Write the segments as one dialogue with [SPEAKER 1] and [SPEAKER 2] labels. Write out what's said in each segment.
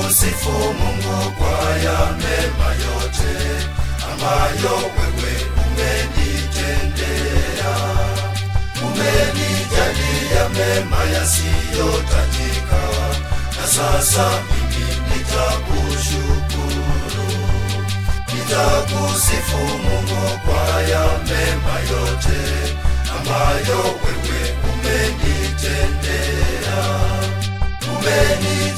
[SPEAKER 1] kumsifu Mungu kwa ya mema yote ambayo wewe umenitendea. Umenijalia mema yasiyotajika, na sasa mimi nitakushukuru, nitakusifu Mungu kwa ya mema yote ambayo wewe umenitendea. Umeni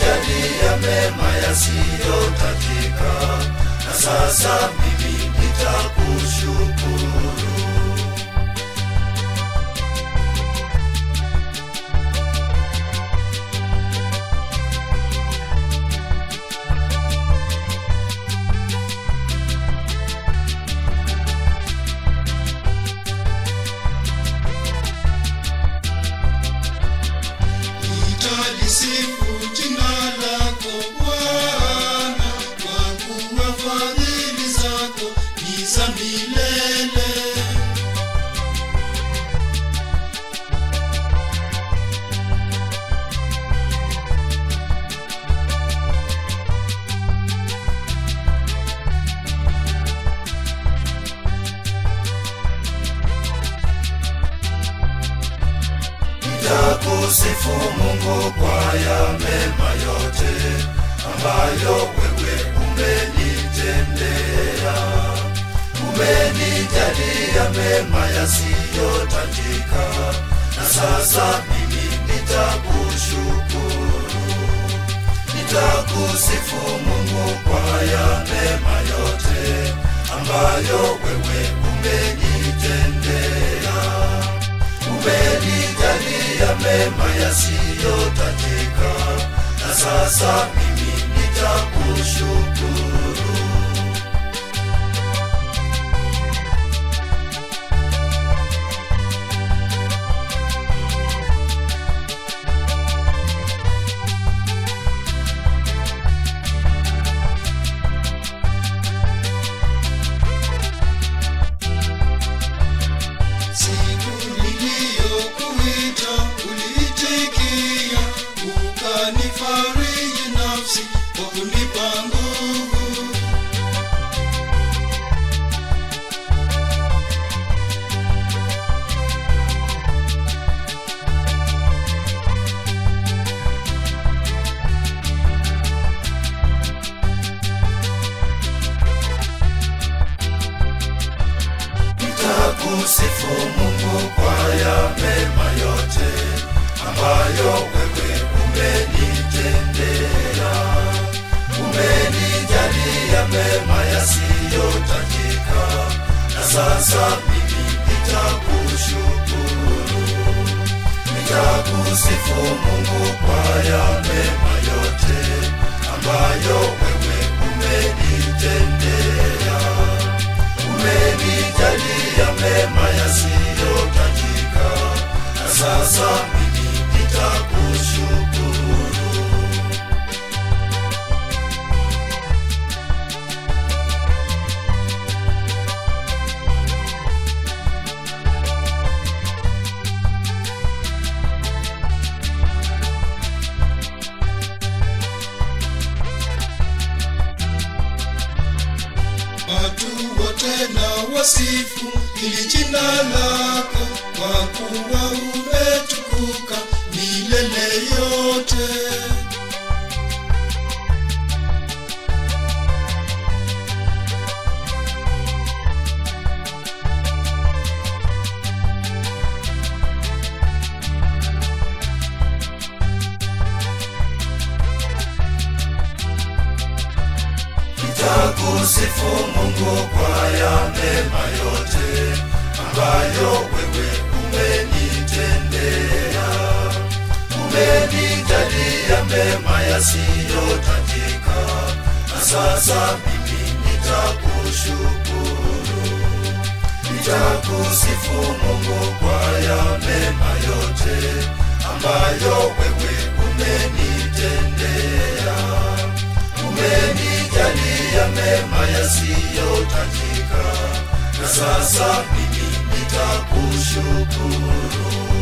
[SPEAKER 1] za milele. Nitakusifu Mungu kwa ya mema yote ambayo wewe umeni yasiyotajika, na sasa mimi nitakushukuru, nitakusifu Mungu kwa ya mema yote ambayo wewe umenitendea, umenijalia mema yasiyotajika, na sasa mimi nitakushukuru Msifu Mungu kwa ya mema yote ambayo wewe umenitendea. Umenijalia mema yasiyotajika, na sasa mimi nitakushukuru, nitakusifu Mungu kwa ya mema yote ambayo wewe umenitendea. kusifu ili jina lako kwa kuwa umetukuka milele yote nitakusifu Mungu kwa ya mema yote ambayo wewe umenitendea. Umenijalia mema yasiyotajika, na sasa mimi nitakushukuru, nitakusifu Mungu kwa ya mema yote ambayo wewe umenitendea. Umenijalia mema yasiyotajika, na sasa mimi Puxa o puro